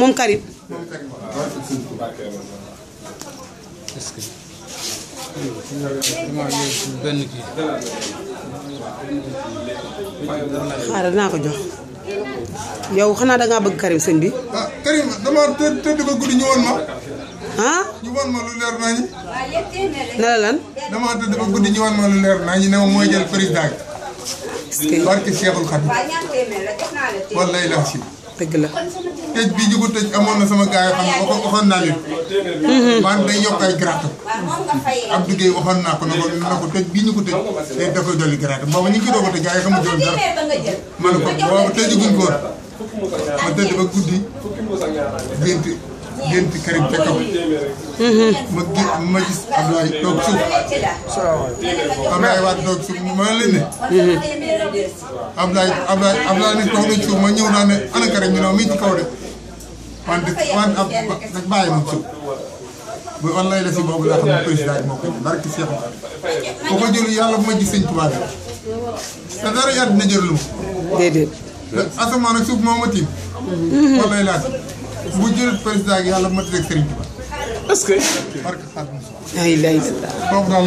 moom Karim xaaral naa ko jox yow xanaa dangaa bëgg Karim sëñ bi ah, Karim dama tëdd tëdd ba guddi ñu woon ma ah ñu woon ma lu leer naa ñi lan dama tëdd ba guddi ñu woon ma lu leer naa ne ma mooy jël président barke Cheikhul Khadim wallaay laa si dëgg la tëj bi ñu ko tëj amoon na sama gars yoo xam ne waxoon naa leen. maanaam day yokk ay gratte. Abdou Gueye waxoon naa ko ne ko tëj bii ñu ko tëj a tëj gars yi xamul doon dara. ma ne ko ma tëj ba guddi gént gént Karim ca kaw. ma gis ma gis Abdoulaye toog suuf. ma ñëw naa ne ana Karim ñu ne ma mi kaw de. man de man ab nag bàyyi ma suuf bu on lay la si boobu laa xam ne président bi moo koy barki Seex ma ko jël yàlla bu ma gis sëñ tubaab yi te dara yàgg na jël lu ma. déedéet. asamaan ak suuf moo ma tiim. on mhm. lay laaj bu jël président bi yàlla bu ma tëjee ak sëriñ tubaab. est-ce que. barki Fatou Moussa. ay lay